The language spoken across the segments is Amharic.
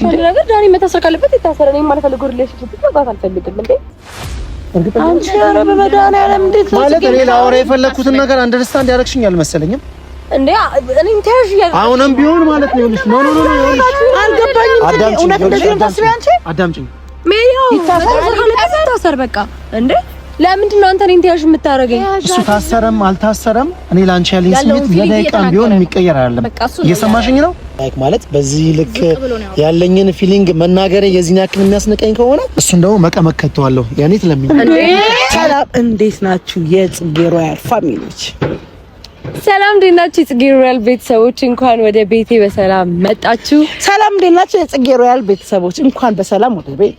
ያልሽው ነገር ዳኒ መታሰር ካለበት ይታሰረ። እኔ የማልፈልገው ሪሌሽንሽፕ መግባት አልፈልግም። እንዴ አንቺ ኧረ በመድኃኒዓለም እንዴት ማለት እኔ ላወራ የፈለግኩትን ነገር አንደርስታንድ ያደረግሽኝ አልመሰለኝም። እንዴ እኔ ታሽ ያልኩ አሁንም ቢሆን ማለት ነው ልሽ ኖ ኖ ኖ አልገባኝም። እውነት እንደዚህ ነው ታስቢ አንቺ አዳምጪኝ። ሜሪው ይታሰር ካለበት በቃ። እንዴ ለምንድን ነው አንተ እኔን ትያዥ የምታደርገኝ? እሱ ታሰረም አልታሰረም እኔ ለአንቺ ያለኝ ስሜት ለደቂቃም ቢሆን የሚቀየር አይደለም። እየሰማሽኝ ነው? ላይክ ማለት በዚህ ልክ ያለኝን ፊሊንግ መናገር የዚህን ያክል የሚያስነቀኝ ከሆነ እሱን ደግሞ መቀመቅ ከተዋለሁ። ያኔ ትለምኝ። ሰላም፣ እንዴት ናችሁ የጽጌ ሮያል ፋሚሊዎች? ሰላም እንዴት ናችሁ የጽጌ ሮያል ቤተሰቦች? እንኳን ወደ ቤቴ በሰላም መጣችሁ። ሰላም እንዴት ናችሁ የጽጌ ሮያል ቤተሰቦች? እንኳን በሰላም ወደ ቤት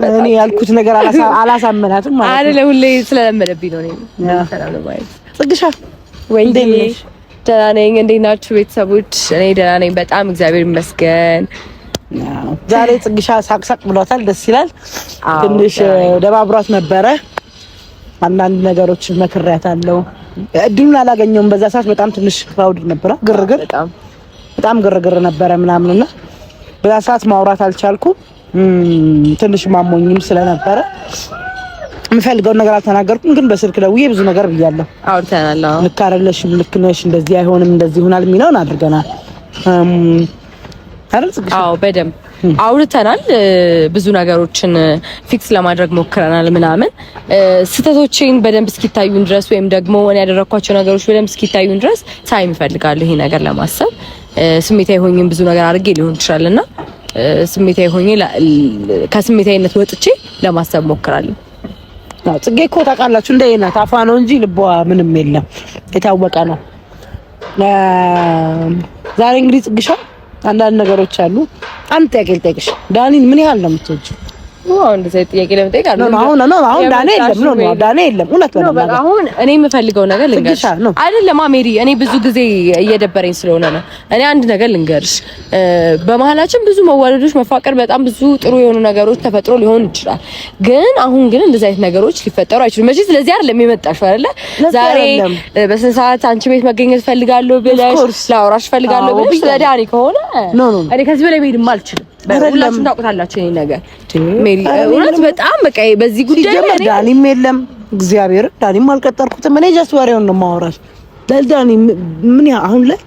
መጣችሁ። እኔ ያልኩት ነገር አላሳመናትም ማለት ነው አይደለ? ሁሌ ስለለመደብኝ ነው። እኔ ሰላም ነው ማለት ጽግሻ ወይ ደህና ነኝ። እንዴት ናችሁ ቤተሰቦች? እኔ ደህና ነኝ በጣም እግዚአብሔር ይመስገን። ዛሬ ጽግሻ ሳቅሳቅ ብሏታል፣ ደስ ይላል። ትንሽ ደባብሯት ነበረ። አንዳንድ ነገሮች መክሬያታለሁ። እድሉን አላገኘውም በዛ ሰዓት በጣም ትንሽ ክራውድ ነበረ፣ ግርግር በጣም ግርግር ነበረ ምናምን እና በዛ ሰዓት ማውራት አልቻልኩም። ትንሽ ማሞኝም ስለነበረ የምፈልገውን ነገር አልተናገርኩም፣ ግን በስልክ ደውዬ ብዙ ነገር ብያለሁ። አውርተናል። ልክ አይደለሽ፣ ልክ ነሽ፣ እንደዚህ አይሆንም፣ እንደዚህ ይሆናል የሚለውን አድርገናል። አዎ በደንብ አውርተናል። ብዙ ነገሮችን ፊክስ ለማድረግ ሞክረናል ምናምን ስህተቶቼን በደንብ እስኪታዩን ድረስ ወይም ደግሞ እኔ ያደረኳቸው ነገሮች በደንብ እስኪታዩን ድረስ ታይም እፈልጋለሁ። ይሄ ነገር ለማሰብ ስሜታዊ ሆኜም ብዙ ነገር አድርጌ ሊሆን ይችላልና ስሜታዊ ሆኜ ከስሜታዊነት ወጥቼ ለማሰብ ሞክራለሁ። ነው። ጽጌ እኮ ታውቃላችሁ እንደ ናት አፏ ነው እንጂ ልቧ ምንም የለም፣ የታወቀ ነው። ዛሬ እንግዲህ ጽግሻ አንዳንድ ነገሮች አሉ። አንድ ጥያቄ ልጠይቅሽ፣ ዳኒን ምን ያህል ነው የምትወጂው? አሁን የምፈልገው ነገር ልንገርሽ አይደለም አሜሪ፣ እኔ ብዙ ጊዜ እየደበረኝ ስለሆነ ነው። እኔ አንድ ነገር ልንገርሽ፣ በመሀላችን ብዙ መዋደዶች፣ መፋቀር፣ በጣም ብዙ ጥሩ የሆኑ ነገሮች ተፈጥሮ ሊሆን ይችላል። ግን አሁን ግን እንደዚህ አይነት ነገሮች ሊፈጠሩ አይችሉም። መቼ ስለዚህ አይደለም የመጣሽው አይደለ? ዛሬ በስንት ሰዓት አንቺ ቤት መገኘት ፈልጋለሁ ብለሽ ላውራሽ ፈልጋለሁ ብለሽ ስለዳኒ ከሆነ እኔ ከዚህ በላይ መሄድም አልችልም። ሁላችሁም ታውቁታላችሁ። እኔ ነገር ሜሪ እውነት በጣም በቃ በዚህ ጉዳይ ሲጀመር ዳኒም የለም እግዚአብሔር ዳኒም አልቀጠርኩትም። እኔ ጀስት ወሬውን ነው የማወራሽ። ለዳኒ ምን አሁን ላይ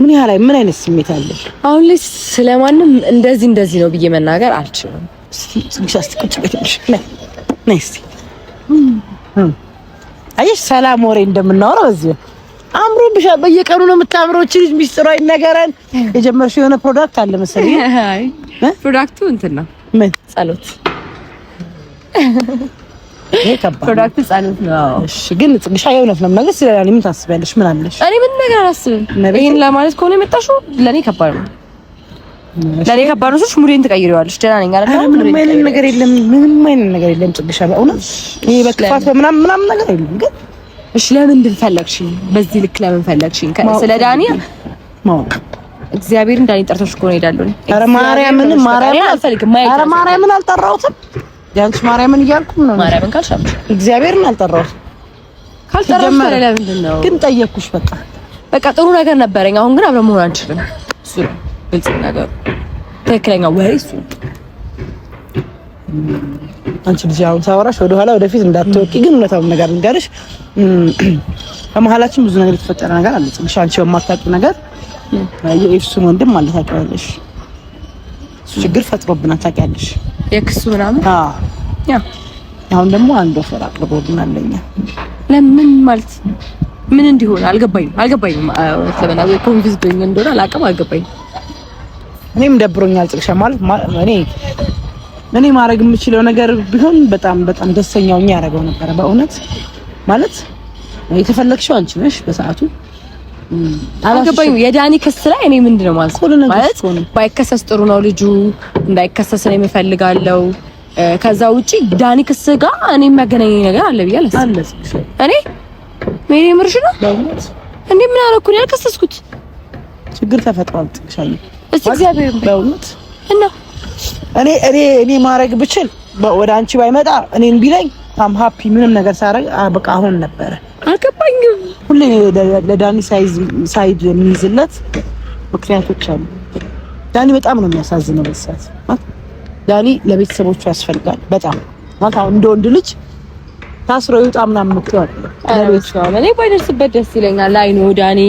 ምን ያህል ምን አይነት ስሜት አለ አሁን ላይ? ስለማንም እንደዚህ እንደዚህ ነው ብዬ መናገር አልችልም። አየሽ ሰላም ወሬ እንደምናወራው እዚህ አምሮ አምሮብሻል። በየቀኑ ነው የምታምረው። እቺ ልጅ ሚስጥሯ ይነገረን። የጀመርሽው የሆነ ፕሮዳክት አለ መሰለኝ። አይ ፕሮዳክቱ እንትን ነው ምን ጸሎት ነው። እሺ ግን ነው ምን ምን አለሽ? ምን ነገር ይሄን ለማለት ከሆነ ለኔ ከባድ ነው። ለኔ ከባድ ነው። ሙዴን ትቀይሪዋለሽ። ነኝ ነገር የለም። ምንም አይነት ነገር የለም። ጽግሻ በእውነት ይሄ በክፋት በምናምን ምናምን ነገር የለም ግን እሺ ለምንድን ፈለግሽኝ? በዚህ ልክ ለምን ፈለግሽኝ? ስለ ዳኒ ማወቅ እግዚአብሔር ዳኒ ጠርተሽ እኮ ነው እሄዳለሁ። ኧረ ማርያምን ማርያምን አልፈልግም። ኧረ ማርያምን አልጠራሁትም። ያንቺ ማርያምን እያልኩም ነው። ማርያምን ካልሻም እግዚአብሔርን አልጠራሁትም። ካልጠራሁት ለምንድን ነው ግን ጠየቅኩሽ። በቃ በቃ ጥሩ ነገር ነበረኝ። አሁን ግን አብረን መሆን አንችልም። እሱ ነው ግልጽ ነገር ትክክለኛ ወሬ እሱ አንቺ ልጅ አሁን ሳወራሽ ወደኋላ ወደፊት እንዳትወቂ፣ ግን እውነታውን ነገር ልንገርሽ፣ በመሀላችን ብዙ ነገር የተፈጠረ ነገር አለ። ጽንሽ አንቺ በማታውቂው ነገር የኤፍሱን ወንድም ማለት ታውቂዋለሽ፣ ችግር ፈጥሮብናል። ታውቂያለሽ የክሱ ምናምን። አዎ አሁን ደግሞ አንድ ወፈር አቅርቦልናል አለኛ። ለምን ማለት ምን እንዲሆን አልገባኝም፣ አልገባኝም። ሰበና ወይ ኮንቪዝ እንደሆነ አላውቅም፣ አልገባኝም። እኔም ደብሮኛል። ጽቅሻ ማለት እኔ እኔ ማድረግ የምችለው ነገር ቢሆን በጣም በጣም ደስተኛው እኛ ያደረገው ነበረ። በእውነት ማለት የተፈለግሽው አንቺ ነሽ በሰዓቱ አልገባኝ። የዳኒ ክስ ላይ እኔ ምንድነው ማለት ማለት ባይከሰስ ጥሩ ነው ልጁ እንዳይከሰስ ነው የሚፈልጋለው። ከዛ ውጪ ዳኒ ክስ ጋር እኔ የሚያገናኘኝ ነገር አለ ብዬ አለስ እኔ ምን ይምርሽ ነው እንዴ? ምን አደረኩኝ? ያልከሰስኩት ችግር ተፈጥሯል። ጥቅሻለሁ። እስቲ እግዚአብሔር በእውነት እና እኔ እኔ እኔ ማድረግ ብችል ወደ አንቺ ባይመጣ እኔን ቢለኝ አም ሀፒ ምንም ነገር ሳረግ በቃ አሁን ነበረ አልገባኝ። ሁሌ ለዳኒ ሳይድ የሚይዝለት ምክንያቶች አሉ። ዳኒ በጣም ነው የሚያሳዝነው። በሰዓት ዳኒ ለቤተሰቦቹ ያስፈልጋል በጣም ማለት አሁን እንደ ወንድ ልጅ ታስሮ ይውጣ ምናምን ምትዋል ለቤተሰብ እኔ ባይደርስበት ደስ ይለኛል። ላይ ነው ዳኒ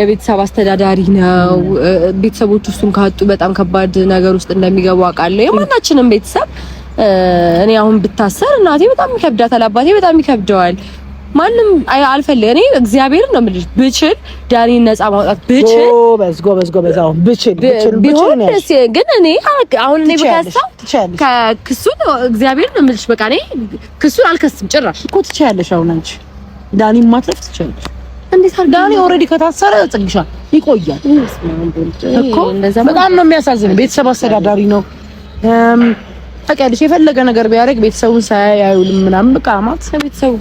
የቤተሰብ አስተዳዳሪ ነው። ቤተሰቦች እሱን ካጡ በጣም ከባድ ነገር ውስጥ እንደሚገቡ አውቃለሁ። የማናችንም ቤተሰብ እኔ አሁን ብታሰር እናቴ በጣም ይከብዳታል፣ አባቴ በጣም ይከብደዋል። ማንም አልፈልግ እኔ እግዚአብሔር ነው የምልሽ። ብችል ዳኒን ነጻ ማውጣት ብችል ጎበዝ ጎበዝ ጎበዝ አሁን ብችል ቢሆን ደስ ግን እኔ አሁን እኔ ብከሳ ከክሱን እግዚአብሔር ነው የምልሽ። በቃ እኔ ክሱን አልከስም ጭራሽ እኮ ትችያለሽ። አሁን አንቺ ዳኒን ማትረፍ ትችያለሽ ዳኒ ኦልሬዲ ከታሰረ ጽግሻል ይቆያል እኮ በጣም ነው የሚያሳዝን። ቤተሰብ አስተዳዳሪ ነው ታውቂያለሽ። የፈለገ ነገር ቢያደርግ ቤተሰቡን ሳያይ አይውልም ምናምን በቃ ማለት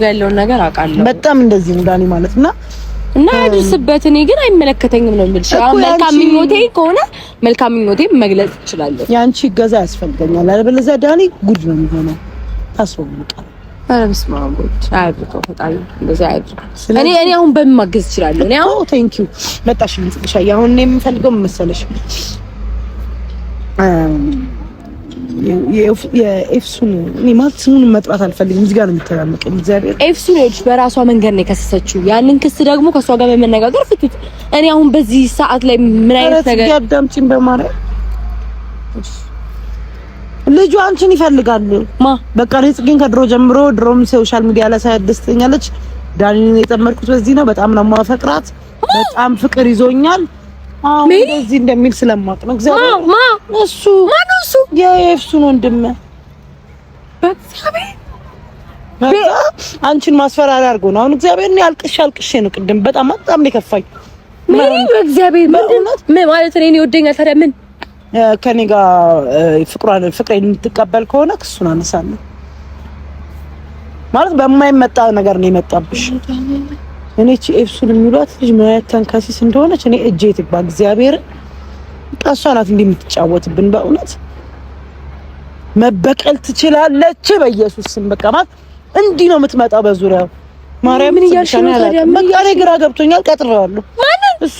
ጋር ያለውን ነገር አውቃለሁ። በጣም እንደዚህ ነው ዳኒ ማለት እና እና ያድርስበት። እኔ ግን አይመለከተኝም ነው የምልሽ። አሁን መልካም ምኞቴ ከሆነ መልካም ምኞቴ መግለጽ እችላለሁ። የአንቺ እገዛ ያስፈልገኛል፣ አለበለዚያ ዳኒ ጉድ ነው የሚሆነው። ታስቦ ኧረ በስመ አብ ወልድ አያድርገው ፈጣሪ እንደዚህ አያድርገው። እኔ እኔ አሁን በምን ማገዝ እችላለሁ? እኔ አሁን ቴንክ ዩ መጣሽ ልጽሻ። አሁን እኔ የምፈልገው መሰለሽ የኤፍሱን እኔ ማለት ስሙን መጥራት አልፈልግም። እዚህ ጋር ነው የምተራመቀኝ። እግዚአብሔር ኤፍሱን ልጅ በራሷ መንገድ ነው የከሰሰችው። ያንን ክስ ደግሞ ከሷ ጋር በመነጋገር ፍቱት። እኔ አሁን በዚህ ሰዓት ላይ ምን አይነት ነገር ያዳምጪን በማርያም ልጁ አንቺን ይፈልጋል። ማ በቃ እኔ ጽጌን ከድሮ ጀምሮ ድሮም ሶሻል ሚዲያ ላይ ሳያደስተኛለች። ዳኒን የጨመርኩት በዚህ ነው። በጣም ነው ማፈቅራት። በጣም ፍቅር ይዞኛል። አሁን እንደዚህ እንደሚል ስለማውቅ ነው። እግዚአብሔር ማ እሱ ማን እሱ የኤፍሱን ወንድም በእግዚአብሔር አንቺን ማስፈራሪያ አድርጎ ነው። አሁን እግዚአብሔር ነው። አልቅሽ አልቅሽ ነው። ቅድም በጣም በጣም ነው የከፋኝ። ምን በእግዚአብሔር ምን ማለት ነው? እኔ ይወደኛል ታዲያ ምን ከኔ ጋር ፍቅሯን ፍቅሬን የምትቀበል ከሆነ ክሱን አነሳለሁ። ማለት በማይመጣ ነገር ነው የመጣብሽ። እኔ እቺ ኤፍሱን የሚሏት ልጅ ምን አይነት ተንከሲስ እንደሆነች እኔ እጄ ትግባ። እግዚአብሔር እሷ ናት እንዲህ የምትጫወትብን። በእውነት መበቀል ትችላለች። በኢየሱስ ስም በቃ ማለት እንዲህ ነው የምትመጣው በዙሪያው። ማርያም ምን እያልሽ ነው? ግራ ገብቶኛል። ቀጥሬዋለሁ እሱ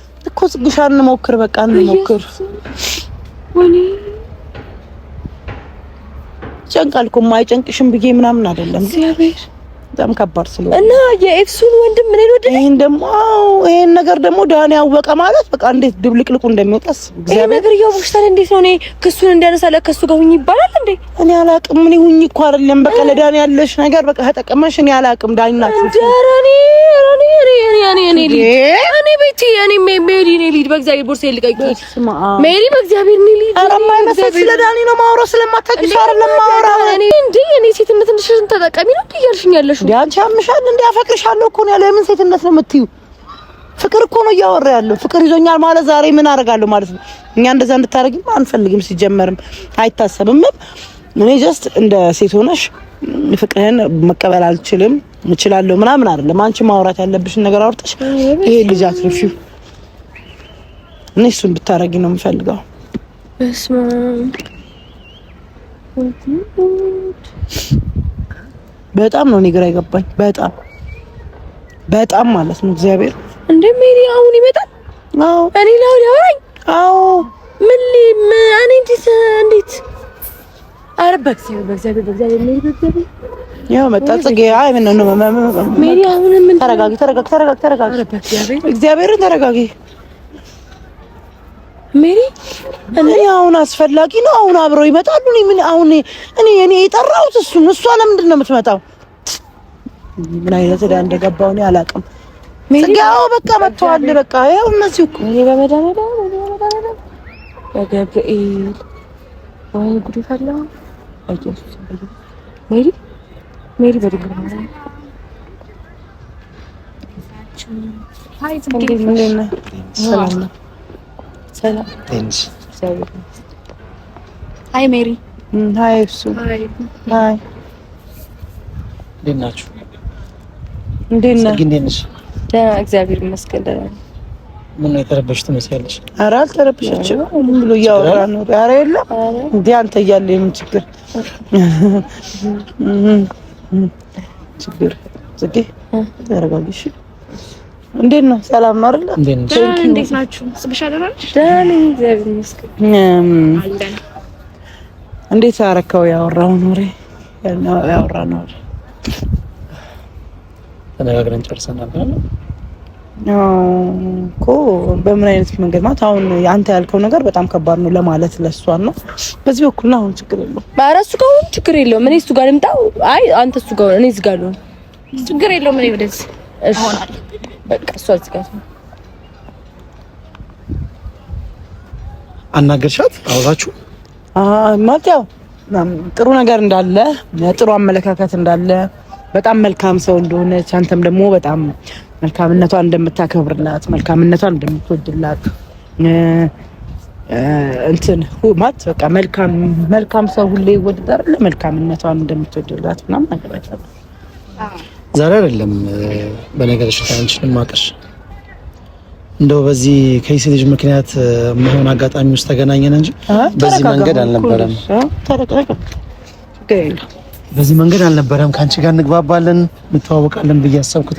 እኮ ጽጉሻ እንሞክር፣ በቃ እንሞክር። ጨንቃል እኮ ማይጨንቅሽም ብዬ ምናምን አይደለም። በጣም ከባድ ስለሆነ እና የኤፍሱን ወንድም ምን ሄዶ ይሄን ደግሞ ይሄን ነገር ደግሞ ዳን ያወቀ ማለት በቃ እንዴት ድብልቅልቁ እንደሚወጣስ እግዚአብሔር ነገር ያው እያወቅሽታል። እንዴት ነው እኔ ክሱን እንዳነሳ ለከሱ ጋር ሁኝ ይባላል እንዴ? እኔ አላቅም። ምን ሁኝ እኮ አይደለም በቃ ለዳን ያለሽ ነገር በቃ ተጠቀመሽ። እኔ አላቅም። ዳንና ዳራኒ ራኒ ራኒ ራኒ ራኒ እኔ ቤቲ እኔ ሜሪ እኔ ሊድ በእግዚአብሔር ቦርሳ ይልቀቂ ሜሪ በእግዚአብሔር እኔ ሊድ አራማ ይመስል ስለ ዳኒ ነው ማውራ ስለማታውቂው አይደለም ማውራው እኔ እንዴ እኔ ሴትነትን ሽን ተጠቀሚ ነው እያልሽኝ ያለሽ እንዴ? አንቺ ያምሻል እንዴ? አፈቅርሻለሁ እኮ ነው ያለው። የምን ሴትነት ነው የምትዩ? ፍቅር እኮ ነው እያወራ ያለው። ፍቅር ይዞኛል ማለት ዛሬ ምን አደርጋለሁ ማለት ነው። እኛ እንደዛ እንድታረጊም አንፈልግም፣ ሲጀመርም አይታሰብም። እኔ ጀስት እንደ ሴት ሆነሽ ፍቅርህን መቀበል አልችልም እችላለሁ ምናምን አይደለም። አንቺ ማውራት ያለብሽን ነገር አውርተሽ ይሄ ልጅ አትርፊው። እኔ እሱን ብታረጊ ነው የምፈልገው። በስመ አብ በጣም ነው እኔ ግራ ይገባኝ። በጣም በጣም ማለት ነው እግዚአብሔር እንዴ ሜሪ አሁን ይመጣል። አዎ እኔ ነው ያወራኝ። አዎ ምን እኔ እንዴት እንዴት አረበክ ሲሆን በእግዚአብሔር በእግዚአብሔር ሜሪ በእግዚአብሔር ያው መጣ ጽጌ። አይ ምን ነው ሜሪ አሁን ምን ተረጋጊ፣ ተረጋጊ፣ ተረጋጊ፣ ተረጋጊ፣ እግዚአብሔርን ተረጋጊ ሜሪ እኔ አሁን አስፈላጊ ነው። አሁን አብረው ይመጣሉ። እኔ ምን አሁን እኔ እኔ የጠራሁት እሱን እሷ ለምንድን ነው የምትመጣው? ምን አይነት እዳ እንደገባው እኔ አላውቅም። ጽጋው በቃ መጥተዋል። በቃ ያው እነዚህ እኮ እኔ በመዳመዳ በገብርኤል ወይ ጉድ ፈላሁ። ኢየሱስ ሜሪ ሜሪ በድግር ሀይ ጽጌ እንዴት ነው ሰላም ነው ሰላም ቴንስ ሃይ ሜሪ ሃይ እሱ ሃይ እንዴት ናችሁ? እንዴት ነህ? እንዴት ነሽ? ደህና እግዚአብሔር ይመስገን ደህና ነኝ። ምን የተረበሽ ትመስያለሽ? ኧረ አልተረበሸችም። ምን ብሎ እያወራ ነው? ኧረ የለም እንደ አንተ እያለ የምን ችግር ችግር ጽጌ ተረጋጊ እንዴት ነው? ሰላም ነው አይደል? እንዴት ናችሁ? እንዴት አረከው? ያወራውን ወሬ ያወራነው ወሬ ተነጋግረን ጨርሰናል እኮ። በምን አይነት መንገድ ማለት አሁን አንተ ያልከው ነገር በጣም ከባድ ነው ለማለት ለእሷን ነው። በዚህ በኩል አሁን ችግር የለውም። ኧረ እሱ ጋር አሁን ችግር የለውም። እኔ እሱ ጋር ልምጣው? አይ አንተ እሱ ጋር እኔ እዚህ ጋር ልሆን ችግር የለውም። እኔ ወደዚህ እሆናለሁ በቃ እሷ እዚህ ጋር ነው። አናገርሻት? አወራችሁ? ማለት ያው ጥሩ ነገር እንዳለ ጥሩ አመለካከት እንዳለ በጣም መልካም ሰው እንደሆነች አንተም ደግሞ በጣም መልካምነቷን እንደምታከብርላት መልካምነቷን እንደምትወድላት እንትን ማለት በቃ መልካም መልካም ሰው ሁሌ ይወደዳል። መልካምነቷን እንደምትወድላት ምናምን ነገር አገባች። ዛሬ አይደለም በነገርሽ ላይ ማቀሽ እንደው በዚህ ከይሴ ልጅ ምክንያት መሆን አጋጣሚ ውስጥ ተገናኘን እንጂ በዚህ መንገድ አልነበረም። በዚህ መንገድ አልነበረም። ከአንቺ ጋር እንግባባለን እንተዋወቃለን ብዬ አሰብኩት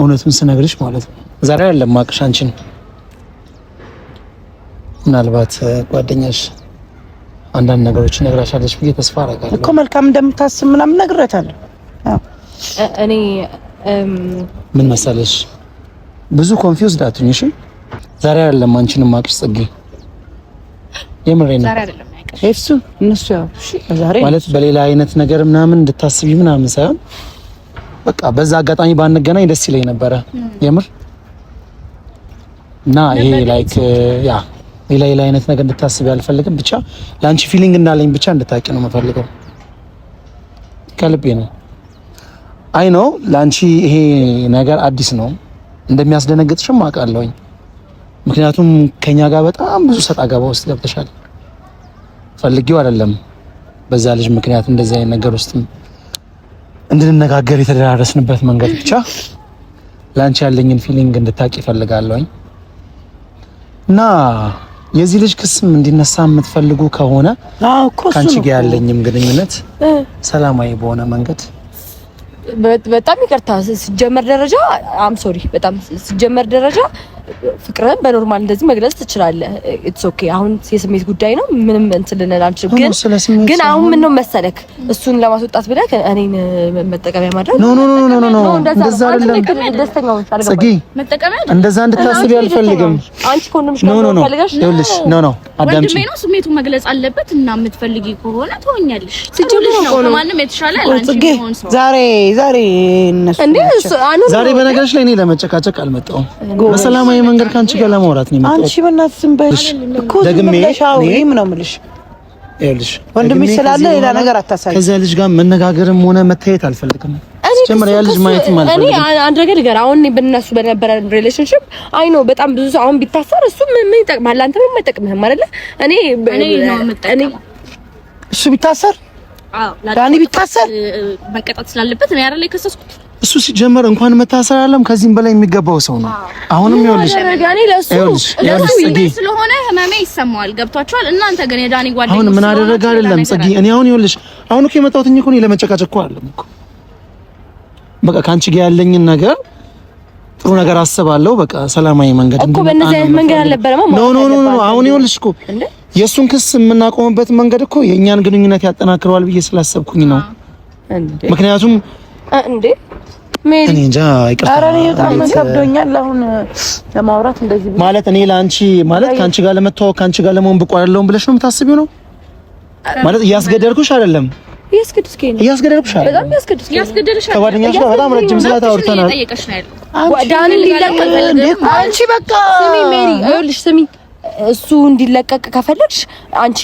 እውነቱን ስነግርሽ ማለት ነው ዛሬ አይደለም ማቀሽ አንቺን። ምናልባት ጓደኛሽ አንዳንድ ነገሮች ነግራሻለች ብዬ ተስፋ አደርጋለሁ እኮ መልካም እንደምታስብ ምናምን ነግረታለሁ እኔ ምን መሰለሽ ብዙ ኮንፊውዝድ አትሁኝ። እሺ ዛሬ አይደለም አንቺን ማቅሽ ጽጌ፣ የምሬን ነው። እሱ እነሱ ያው ማለት በሌላ አይነት ነገር ምናምን እንድታስቢ ምናምን ሳይሆን በቃ በዛ አጋጣሚ ባንገናኝ ደስ ይለኝ ነበረ የምር እና ይሄ ላይክ ያ ሌላ ሌላ አይነት ነገር እንድታስቢ አልፈልግም። ብቻ ለአንቺ ፊሊንግ እንዳለኝ ብቻ እንድታቂ ነው የምፈልገው ከልቤ ነው። አይ ነው ለአንቺ ይሄ ነገር አዲስ ነው፣ እንደሚያስደነግጥሽም አውቃለሁኝ። ምክንያቱም ከኛ ጋር በጣም ብዙ ሰጥ አገባ ውስጥ ገብተሻል። ፈልጊው አይደለም በዛ ልጅ ምክንያት እንደዚህ አይነት ነገር ውስጥ እንድንነጋገር የተደራረስንበት መንገድ ብቻ ለአንቺ ያለኝን ፊሊንግ እንድታቂ ይፈልጋለሁኝ እና የዚህ ልጅ ክስም እንዲነሳ የምትፈልጉ ከሆነ ከአንቺ ጋር ያለኝም ግንኙነት ሰላማዊ በሆነ መንገድ በጣም ይቅርታ። ሲጀመር ደረጃ አም ሶሪ በጣም ሲጀመር ደረጃ ፍቅርህን በኖርማል እንደዚህ መግለጽ ትችላለህ። ኢትስ ኦኬ። አሁን የስሜት ጉዳይ ነው፣ ምንም እንትን ልንል አንችልም። ግን ግን አሁን ምን ነው መሰለክ እሱን ለማስወጣት ብለህ እኔን መጠቀሚያ ማድረግ ኖ ኖ ኖ ኖ ኖ ኖ፣ እንደዛ አይደለም። ደስተኛው ታርጋ መጠቀሚያ እንደዛ እንድታስቢ አልፈልግም። አንቺ ኮንዶምሽ ነው ነው ፈልጋሽ ይልሽ ኖ ኖ አዳምጪ፣ ወንድሜ ነው ስሜቱን መግለጽ አለበት እና የምትፈልጊ ከሆነ ትሆኛለሽ። ስጅልሽ ነው ማንም የተሻለ አንቺ ሆን ሰው ዛሬ ዛሬ እነሱ ዛሬ በነገርሽ ላይ እኔ ለመጨቃጨቅ አልመጣሁም። በሰላም በሰላማዊ መንገድ ካንቺ ጋር ለማውራት ነው። አንቺ በእናትሽ ዝም በይ እኮ ዝም ብለሽ አውሪም ነው የምልሽ። ይኸውልሽ ወንድሜ ስላለ ሌላ ነገር አታሳይ። ከዚያ ልጅ ጋር መነጋገርም ሆነ መታየት አልፈልግም። ጀምር ያ ልጅ ማየት ማለት ነው። እኔ አንድ ነገር ነገር አሁን በነሱ በነበረ ሪሌሽንሺፕ አይ ነው በጣም ብዙ ሰው አሁን ቢታሰር እሱ ምን ይጠቅማል? አንተ ምን አይጠቅምህም አይደለ? እኔ እኔ እሱ ቢታሰር አዎ ዳኒ ቢታሰር መቀጣት ስላለበት እኔ አይደለ የከሰስኩት እሱ ሲጀመር እንኳን መታሰር አለም ከዚህም በላይ የሚገባው ሰው ነው። አሁንም ይኸውልሽ ስለሆነ ህመሜ ይሰማዋል። ገብቷቸዋል። እናንተ ግን የዳኒ ጓደኛ አሁን ምን አደረገ አይደለም ፅጌ። እኔ አሁን ይኸውልሽ አሁን እኮ የመጣሁት እኮ እኔ ለመጨቃጨቅ እኮ አይደለም እኮ በቃ ከአንቺ ጋር ያለኝን ነገር ጥሩ ነገር አስባለሁ። በቃ ሰላማዊ መንገድ እኮ በእነዚህ መንገድ አልነበረም። ኖ ኖ ኖ ኖ አሁን ይኸውልሽ እኮ የእሱን ክስ የምናቆምበት መንገድ እኮ የእኛን ግንኙነት ያጠናክረዋል ብዬ ስላሰብኩኝ ነው። ምክንያቱም እንዴ እኔ እንጃ በጣም ማለት እኔ ለአንቺ ማለት ከአንቺ ጋር ለመተዋወቅ ከአንቺ ጋር ለመሆን ብቁ አይደለሁም ብለሽ ነው የምታስቢው ነው ማለት እያስገደድኩሽ አይደለም ከጓደኛሽ ጋር በጣም ረጅም ሰዓት አውርተናል አንቺ በቃ ስሚ ሜሪ ይኸውልሽ ስሚ እሱ እንዲለቀቅ ከፈለግሽ አንቺ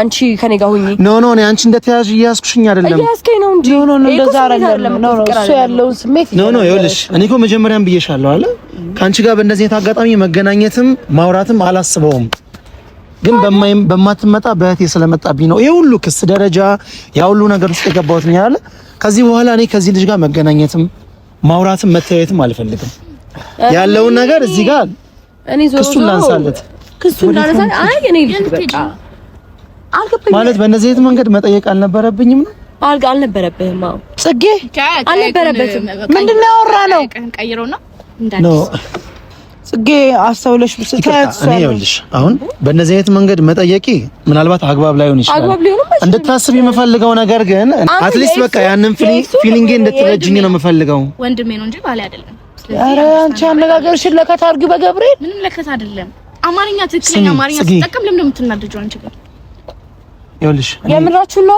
አንቺ ከኔ ጋር ሁኚ። ኖ ኖ እኔ አንቺ እንደተያዥ እያያዝኩሽኝ አይደለም፣ እያያዝከኝ ነው እንጂ። ኖ ኖ እንደዛ አይደለም። ኖ ኖ እሱ ያለውን ስሜት ኖ ኖ ይኸውልሽ፣ እኔ እኮ መጀመሪያም ብዬሻለሁ አለ ከአንቺ ጋር በእንደዚህ አይነት አጋጣሚ መገናኘትም ማውራትም አላስበውም ግን በማትመጣ በእህቴ ስለመጣብኝ ነው ይሄ ሁሉ ክስ ደረጃ ያ ሁሉ ነገር ውስጥ የገባሁት ነው ያለ። ከዚህ በኋላ እኔ ከዚህ ልጅ ጋር መገናኘትም ማውራትም መተያየትም አልፈልግም። ያለውን ነገር እዚህ ጋር እኔ ዞሮ ዞሮ ክሱን ላንሳለት ክሱ እንዳነሳ አይ እኔ ልጅ ማለት በእነዚህ የት መንገድ መጠየቅ አልነበረብኝም ነው አልጋ አልነበረብህም። አዎ ጽጌ አልነበረበትም። ምንድን ነው ያወራ ነው ነው ጽጌ አስተውለሽ ብትታያለሽ። አሁን በእነዚህ አይነት መንገድ መጠየቂ ምናልባት አግባብ ላይሆን ይችላል። እንድታስብ የምፈልገው ነገር ግን አትሊስት በቃ ያንን ፊሊንጌ እንድትረጅኝ ነው የምፈልገው። ወንድሜ ነው እንጂ ባሌ አይደለም። ኧረ አንቺ አነጋገርሽን ለከት አድርጊው በገብርኤል ምንም ለከት አይደለም። አማርኛ ትክክለኛ አማርኛ ስትጠቀም ለምን እንደምትናደጁ አንቺ ጋር ነው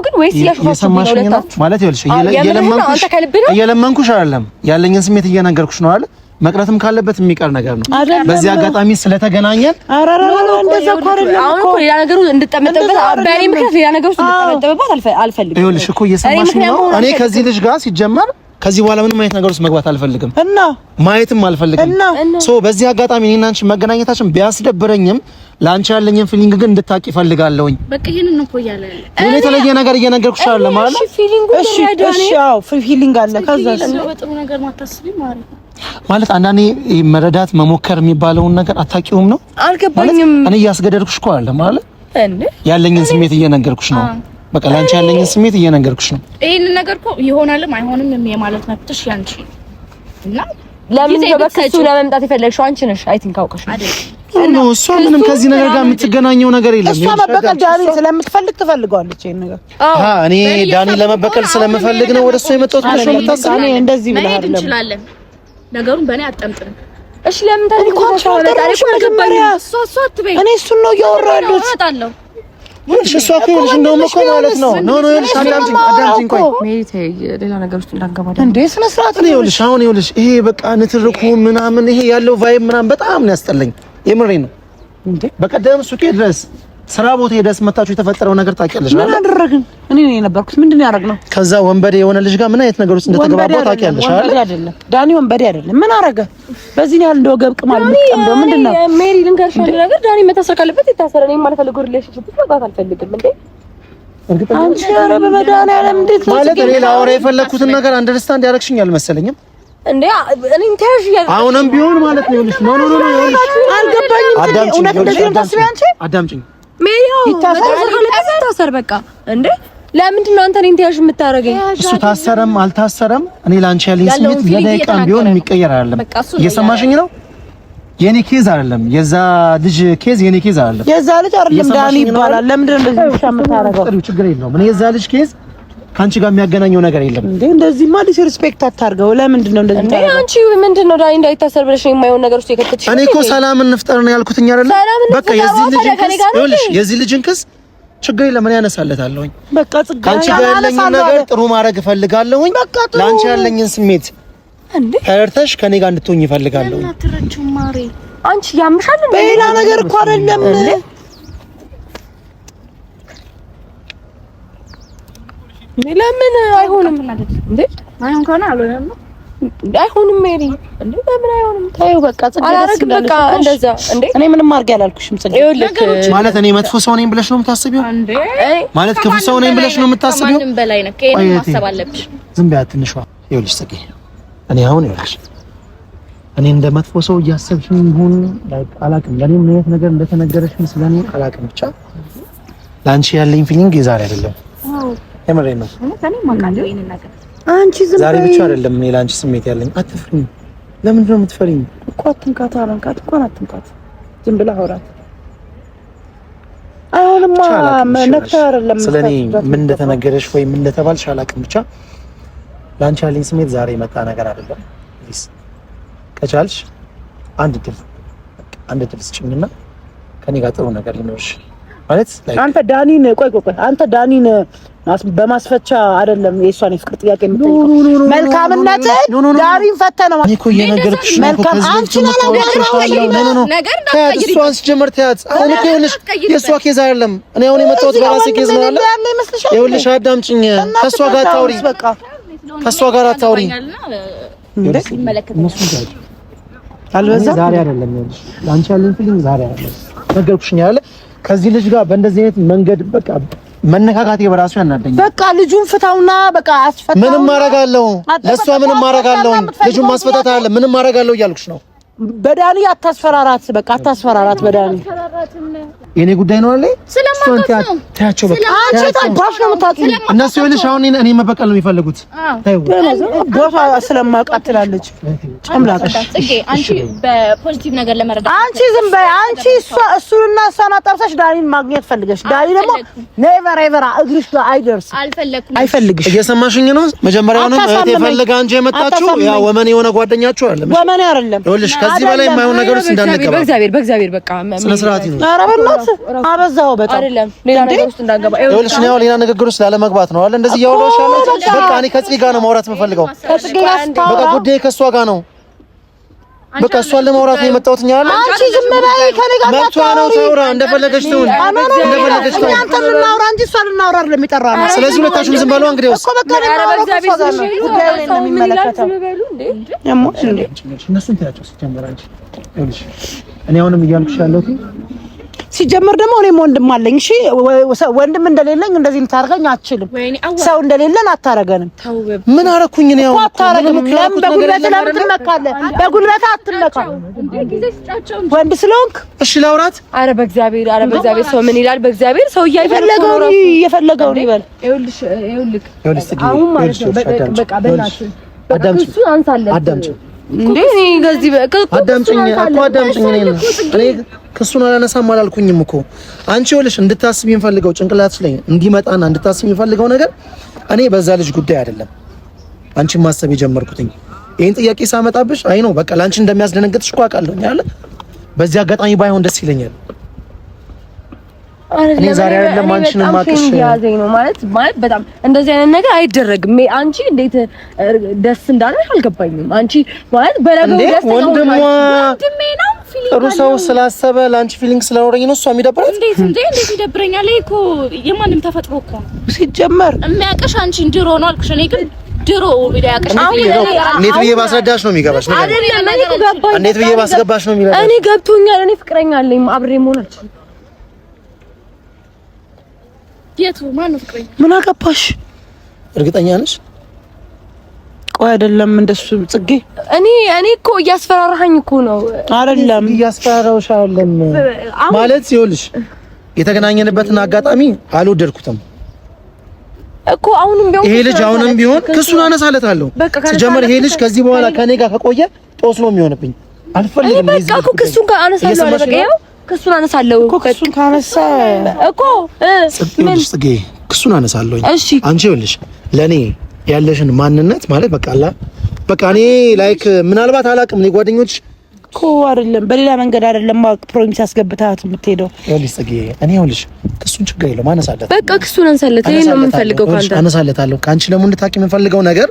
ግን ወይስ ነው ማለት? እየለመንኩሽ አይደለም፣ ያለኝን ስሜት እየነገርኩሽ ነው አይደል? መቅረትም ካለበት የሚቀር ነገር ነው። በዚህ አጋጣሚ ስለተገናኘን ሌላ ነገር እንድጠመጠበት በእኔ ምክንያት አልፈልግም። እኮ ነው። እኔ ከዚህ ልጅ ጋር ሲጀመር ከዚህ በኋላ ምንም አይነት ነገር ውስጥ መግባት አልፈልግም እና ማየትም አልፈልግም እና ሶ በዚህ አጋጣሚ እኔና አንቺ መገናኘታችን ቢያስደብረኝም ለአንቺ ያለኝን ፊሊንግ ግን እንድታቂ ፈልጋለሁኝ። በቃ ይሄንን እኮ እያለ እኔ የተለየ ነገር እየነገርኩሽ አለ ማለት እሺ፣ ፊሊንግ እሺ፣ እሺ፣ አዎ ፊሊንግ አለ። ከዛስ በጥሩ ነገር ማታስቢ ማለት ማለት አንዳንዴ መረዳት መሞከር የሚባለውን ነገር አታቂውም ነው። አልገባኝም። እኔ እያስገደድኩሽ እኮ አለ ማለት ያለኝን ስሜት እየነገርኩሽ ነው። በቃ ላንቺ ያለኝን ስሜት እየነገርኩሽ ነው። ይሄን ነገር እኮ ይሆናልም አይሆንም የማለት መብትሽ ያንቺ እና ለምን በከሱ ለመምጣት የፈለግሽው አንቺ ነሽ። አይ ቲንክ አውቀሽ ነው። እሷ ምንም ከዚህ ነገር ጋር የምትገናኘው ነገር የለም። እሷ መበቀል ዳኒ ስለምትፈልግ ትፈልገዋለች ይሄን ነገር። አዎ እኔ ዳኒ ለመበቀል ስለምፈልግ ነው ወደ እሷ የመጣሁት ብለሽ ነው የምታስበው? እኔ እንደዚህ ብለህ አይደለም እንችላለን። ነገሩን በእኔ አጠምጥም እሺ። ለምን ታሪኩ ነው ታሪኩ ነው። እሷ እሷ አትበይ። እኔ እሱን ነው እያወራሁ ያለሁት እሷ እንደ በቃ ንትርኩ ምናምን ይሄ ያለው ቫይብ ምናምን በጣም ነው ያስጠላኝ የምሬ ነው በቀደም ሱቄ ድረስ ስራ ቦታ ሄደስ መታችሁ የተፈጠረው ነገር ታውቂያለሽ? ምን አደረግን? እኔ ነኝ የነበርኩት። ምንድን ነው ያደረግነው? ከዛ ወንበዴ የሆነ ልጅ ጋር ምን አይነት ነገር ውስጥ እንደተገባባ ታውቂያለሽ? ወንበዴ አይደለም ዳኒ፣ ወንበዴ አይደለም። ምን አረገ? በዚህ ነው እንደው ገብቅ ማለት ምንድነው? ምንድነው? ሜሪ ልንገርሽ አንድ ነገር፣ ዳኒ መታሰር ካለበት ይታሰረ። እኔ የማልፈልገው ሪሌሽንሺፕ መግባት አልፈልግም እንዴ አንቺ። ኧረ በመድኃኒዓለም እንዴት ነው ማለት? እኔ ላወራ የፈለኩትን ነገር አንደርስታንድ ያደረግሽኝ አልመሰለኝም። እንዴ እኔ እንታሽ ያለው አሁንም ቢሆን ማለት ነው። ይኸውልሽ፣ ኖ ኖ ኖ፣ አልገባኝም። እውነት እንደዚህ ነው ታስቢያንቺ? አዳምጪኝ ይታሰር በቃ እንዴ! ለምንድን ነው አንተ እኔን ትያሽ የምታረገኝ? እሱ ታሰረም አልታሰረም እኔ ላንቺ ያለኝ ስሜት ለደቂቃም ቢሆን የሚቀየር አይደለም። እየሰማሽኝ ነው? የኔ ኬዝ አይደለም፣ የዛ ልጅ ኬዝ የኔ ኬዝ አይደለም። የዛ ልጅ አይደለም ዳኒ ይባላል። ለምንድን ነው እንደዚህ የምታረገው? ችግር የለውም። እኔ የዛ ልጅ ኬዝ ከአንቺ ጋር የሚያገናኘው ነገር የለም። እንዴ እንደዚህ ማ ዲስሪስፔክት አታርገው። ለምንድን ነው እንደዚህ ታርገው? አንቺ ምንድን ነው ዳኒ እንዳይታሰር ብለሽ ነው የማይሆን ነገር ውስጥ የከተትሽ? እኔ እኮ ሰላም እንፍጠር ነው ያልኩትኝ አይደል? በቃ የዚህ ልጅ እንክስ ይኸውልሽ፣ የዚህ ልጅ እንክስ ችግር ለምን ያነሳለታለሁኝ? በቃ ጽጋ አንቺ ጋር ያለኝን ነገር ጥሩ ማድረግ እፈልጋለሁኝ። ለአንቺ ያለኝን ስሜት እንዴ ተርተሽ ከኔ ጋር እንድትሆኝ እፈልጋለሁ። አንቺ ያምሻል በሌላ ነገር እኮ አይደለም ለምን አይሆንም? አይሆን ከሆነ አልሆነም አይሆንም ሜሪ እንዴ ለምን አይሆንም? ታየው በቃ ጽጌ አላረግም። በቃ እንደዛ እንዴ እኔ ምንም አድርጌ አላልኩሽም። ጽጌ ማለት እኔ መጥፎ ሰው ነኝ ብለሽ ነው የምታስቢው? ማለት ክፉ ሰው ነኝ ብለሽ ነው የምታስቢው? ምንም በላይ ነው ከእኔ ማሰብ አለብሽ። ዝም በያ ትንሿ። ይኸውልሽ ጽጌ እኔ አሁን ይኸውልሽ እኔ እንደ መጥፎ ሰው እያሰብሽኝ ይሁን አላውቅም። ለኔ ምን አይነት ነገር እንደተነገረሽኝ ስለኔ አላውቅም። ብቻ ለአንቺ ያለኝ ፊሊንግ የዛሬ አይደለም የምሬ ነው። አንቺ ዝም ዛሬ ብቻ አይደለም እኔ ለአንቺ ስሜት ያለኝ። አትፍሪኝ። ለምንድን ነው የምትፈሪኝ? እኮ አትንካት፣ አላንካት እንኳን አትንካት። ዝም ብላ አውራት። አሁንማ ነክተህ አይደለም ስለኔ ምን እንደተነገረሽ ወይ ምን እንደተባልሽ አላውቅም። ብቻ ለአንቺ ያለኝ ስሜት ዛሬ የመጣ ነገር አይደለም። ፕሊስ ከቻልሽ አንድ ድል አንድ ድል ስጭኝና ከኔ ጋር ጥሩ ነገር ይኖርሽ ማለት አንተ ዳኒን ቆይ ቆይ አንተ ዳኒን በማስፈቻ አይደለም የእሷን የፍቅር ጥያቄ የምትጠይቀው። መልካምነት ዳሪን ፈተነው እኮ እየነገርኩሽ ነው። የእሷ ኬዝ አይደለም። እኔ አሁን የመጣሁት በራሴ ኬዝ ነው አለ። ይኸውልሽ አዳምጪኝ። ከእሷ ጋር አታውሪ፣ ከእሷ ጋር አታውሪ ከእሷ ጋር አታውሪ ዛሬ አይደለም ይኸውልሽ፣ ለአንቺ ያለኝ ፊልም ዛሬ አይደለም ነገርኩሽኝ ከዚህ ልጅ ጋር በእንደዚህ አይነት መንገድ በቃ መነካካት በራሱ ያናደኝ። በቃ ልጁን ፍታውና በቃ አስፈታው። ምንም ማረጋለው ለሷ ምንም ማረጋለው። ልጁን ማስፈታት አለ ምንም ማረጋለው እያልኩሽ ነው በዳኒ አታስፈራራት፣ በቃ አታስፈራራት። በዳኒ የኔ ጉዳይ ነው አለ ታያቸው። በቃ አንቺ ታባሽ ነው የምታጥሉ እነሱ። ይኸውልሽ አሁን እኔ መበቀል ነው የሚፈልጉት። ቦታ ስለማውቃት ትላለች ጨምላቀሽ። አንቺ በፖዚቲቭ ነገር ለመረዳት አንቺ ዝም በይ። አንቺ እሷ እሱንና እሷን አጣርሰሽ ዳኒን ማግኘት ፈልገሽ፣ ዳኒ ደግሞ ኔቨር ኤቨር እግርሽ ጋር አይደርስ። አልፈለኩም፣ አይፈልግሽ። እየሰማሽኝ ነው? መጀመሪያውንም እህቴ ፈልጋ እንጂ የመጣችው ያ ወመኔ የሆነ ጓደኛችሁ አይደለም። ወመኔ አይደለም። ይኸውልሽ ከዚህ በላይ የማይሆን ነገር ውስጥ እንዳንገባ በእግዚአብሔር በእግዚአብሔር በቃ ስነ ስርዓት ነው። ኧረ በእናትህ አበዛኸው በጣም አይደለም። ሌላ ነገር ውስጥ እንዳንገባ ይኸውልሽ፣ ነው ሌላ ንግግር ውስጥ ላለመግባት ነው አለ እንደዚህ ያወራሽ ያለው በቃ እኔ ከጽጌ ጋር ነው ማውራት የምፈልገው። በቃ ጉዳይ ከእሷ ጋር ነው በቃ እሷን ለማውራት ነው የመጣሁት። እኛ አለ አንቺ ዝም በይ፣ ከኔ ጋር ታውራ እንደፈለገች ትሁን እንደፈለገች ትሁን። አንተ ልናውራ እንጂ እሷ ልናውራ አይደለም የጠራነው። ስለዚህ ሁለታችሁም ዝም በሉ። እንግዲህ ነው የሚመለከተው። እኔ አሁንም እያልኩሽ ያለሁት ሲጀምር ደግሞ እኔም ወንድም አለኝ። እሺ ወንድም እንደሌለኝ እንደዚህ ልታደርገኝ አትችልም። ሰው እንደሌለን አታረገንም። ምን አረኩኝ ነው ያው አታረገም። ለምን በጉልበት ለምን ትመካለህ? በጉልበት አትነካ። ወንድ ስለሆንክ እሺ ላውራት። አረ በእግዚአብሔር አረ በእግዚአብሔር ሰው ምን ይላል? በእግዚአብሔር ሰው እየፈለገውን እየፈለገውን ይበል። ይኸውልሽ ይኸውልሽ አሁን ማለት ነው በቃ በእናትሽ እሱ አንሳለት እንዴ ክሱን አላነሳም አላልኩኝም እኮ አንቺ ይኸውልሽ፣ እንድታስብ የሚፈልገው ጭንቅላትሽ ላይ እንዲመጣና እንድታስብ የሚፈልገው ነገር እኔ በዛ ልጅ ጉዳይ አይደለም አንቺን ማሰብ የጀመርኩትኝ። ይሄን ጥያቄ ሳመጣብሽ አይ ነው በቃ ላንቺ እንደሚያስደነግጥሽ እኮ አውቃለሁ በዚህ አጋጣሚ ባይሆን ደስ ይለኛል። እኔ ዛሬ አይደለም አንቺን ማቅሽ ያዘኝ ነው ማለት ማለት በጣም እንደዚህ አይነት ነገር አይደረግም። አንቺ እንዴት ደስ እንዳለ አልገባኝም። አንቺ ማለት በነገው ደስ ነው ወንድሟ ጥሩ ሰው ስላሰበ ለአንቺ ፊሊንግ ስለኖረኝ ነው እሷ የሚደብራት። እንዴት እንዴ እንዴት ይደብረኛል እኮ የማንም ተፈጥሮ እኮ ነው። ሲጀመር የሚያቅሽ አንቺ እንድሮ ነው አልኩሽ። እኔ ግን ድሮ እንዴት ብዬ ባስረዳሽ ነው የሚገባሽ? እንዴት ብዬ ባስገባሽ ነው የሚገባሽ? እኔ ገብቶኛል። እኔ ፍቅረኛ አለኝ አብሬ መሆናችን የቱ ማነው ፍቅረኛ? ምን አገባሽ? እርግጠኛ ነሽ? ቆይ አይደለም እንደሱ ጽጌ። እኔ እኔ እኮ እያስፈራራኸኝ እኮ ነው። አይደለም እያስፈራራሁሽ አይደለም ማለት ይኸውልሽ፣ የተገናኘንበትን አጋጣሚ አልወደድኩትም እኮ አሁንም ቢሆን ይሄ ልጅ አሁንም ቢሆን ክሱን አነሳለታለሁ። ሲጀመር ይሄ ልጅ ከዚህ በኋላ ከኔ ጋር ከቆየ ጦስ ነው የሚሆንብኝ። አልፈልግም። በቃ እኮ ክሱን አነሳለሁ አለ በቃ ክሱን አነሳለሁ እኮ ክሱን ካነሳ እኮ ምን ጽጌ ክሱን አነሳለሁ። እሺ አንቺ ይኸውልሽ ለኔ ያለሽን ማንነት ማለት በቃ አላ በቃ እኔ ላይክ ምናልባት አላቅም ነው ጓደኞች እኮ አይደለም በሌላ መንገድ አይደለም ማቅ ፕሮሚስ አስገብታት የምትሄደው ይኸውልሽ ጽጌ እኔ ይኸውልሽ ክሱን ችግር የለውም አነሳለሁ። በቃ ክሱን አነሳለት እኔ ነው የምፈልገው ካንተ አነሳለታለሁ። ካንቺ ደግሞ እንድታቂ የምፈልገው ነገር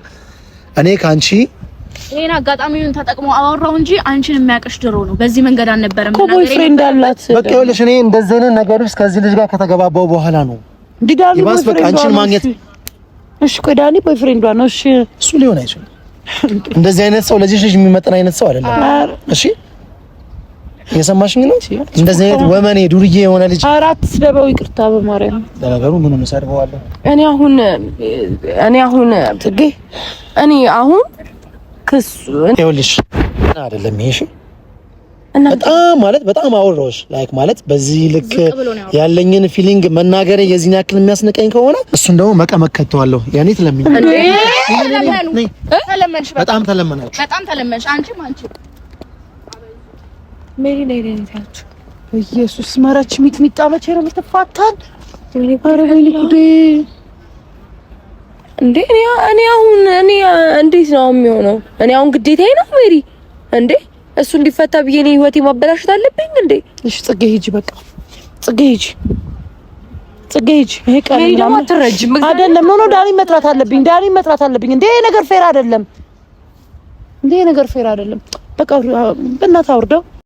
እኔ ካንቺ ይሄን አጋጣሚውን ተጠቅሞ አወራው እንጂ አንቺን የሚያቀሽ ድሮ ነው። በዚህ መንገድ አልነበረም። ቦይፍሬንድ አላት። በቃ ይኸውልሽ፣ እኔ እንደዚህ አይነት ነገር ውስጥ ከዚህ ልጅ ጋር ከተገባባው በኋላ ነው እንዲዳሉ ባስ በቃ አንቺን ማግኘት። እሺ፣ ቆይ ዳኒ ቦይፍሬንዷ ነው። እሺ፣ እሱ ሊሆን አይችልም። እንደዚህ አይነት ሰው ለዚህ ልጅ የሚመጥን አይነት ሰው አይደለም። እሺ፣ እየሰማሽኝ ነው? እንደዚህ አይነት ወመኔ ዱርዬ የሆነ ልጅ አራት ስደበው ይቅርታ፣ በማርያም ለነገሩ ምንም አለ። እኔ አሁን እኔ አሁን ትጌ እኔ አሁን ክሱን ይኸውልሽ አይደለም ይሄ በጣም ማለት በጣም አውሮሽ ላይክ ማለት በዚህ ልክ ያለኝን ፊሊንግ መናገር የዚህን ያክል የሚያስነቀኝ ከሆነ እሱን ደግሞ መቀመቅ ከተዋለሁ። ያኔ ትለምኝ በጣም ተለመናችሁ፣ በጣም ተለመንሽ። አንቺ ሜሪ ነይ ነይ ኢየሱስ ነው እንዴ እኔ እኔ አሁን እኔ እንዴት ነው የሚሆነው? እኔ አሁን ግዴታዬ ነው ሜሪ። እንዴ እሱ እንዲፈታ ብዬ እኔ ህይወቴ ማበላሸት አለብኝ እንዴ? እሺ ጽጌ ሂጂ፣ በቃ ጽጌ ሂጂ፣ ጽጌ ሂጂ። ይሄ ቃል አይደለም። ነው ነው ዳኒ መጥራት አለብኝ፣ ዳኒ መጥራት አለብኝ። እንዴ ነገር ፌር አይደለም፣ እንዴ ነገር ፌር አይደለም። በቃ በእናትህ አውርደው።